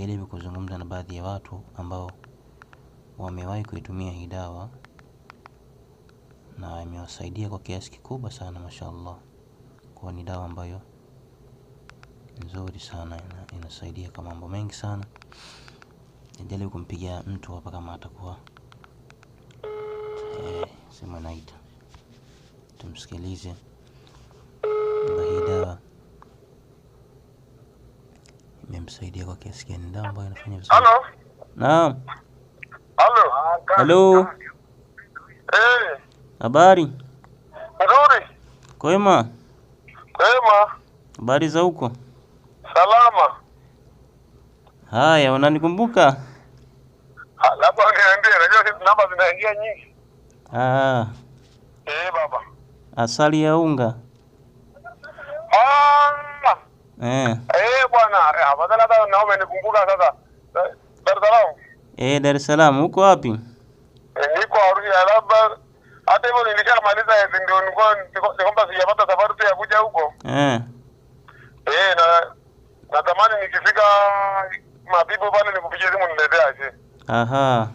nimejaribu kuzungumza na baadhi ya watu ambao wamewahi kuitumia hii dawa na imewasaidia kwa kiasi kikubwa sana, mashaallah. Kwa ni dawa ambayo nzuri sana, inasaidia kwa mambo mengi sana. Nijaribu kumpigia mtu hapa kama atakuwa e, eh, simu naita, tumsikilize. kumsaidia kwa kiasi gani? Ndio ambayo inafanya vizuri. Halo. Naam. Halo. Halo. Eh. Habari? Nzuri. Kwema. Kwema. Habari za huko? Salama. Haya, unanikumbuka? Labda uniambie, najua namba zinaingia nyingi. Ah. Eh, baba. Asali ya unga. Ah. Eh. eh bwana afadhali eh, hata na umenikumbuka sasa eh, Dar es Salaam eh Dar es Salaam uko wapi niko Arusha labda hata hivyo nilishamaliza ndio nilikuwa sijapata safari tu ya kuja huko eh eh na natamani nikifika mapipo bwana nikupigie simu niletee aje aha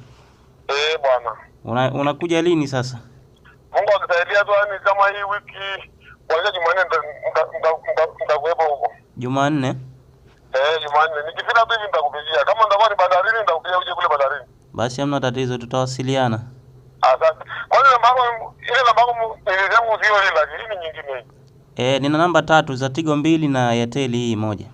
eh bwana una, unakuja lini sasa Mungu akisaidia tu yani kama hii wiki kuanzia Jumanne nitakuwepo huko Jumanne? Eh, Jumanne. Nikifika tu hivi nitakupigia. Kama ndakuwa ni bandarini nitakupigia uje kule bandarini. Basi hamna tatizo, tutawasiliana. Asante. Kwani namba yangu ile namba ile yangu sio ile lakini nyingine Eh, nina namba tatu za Tigo mbili na Airtel hii moja.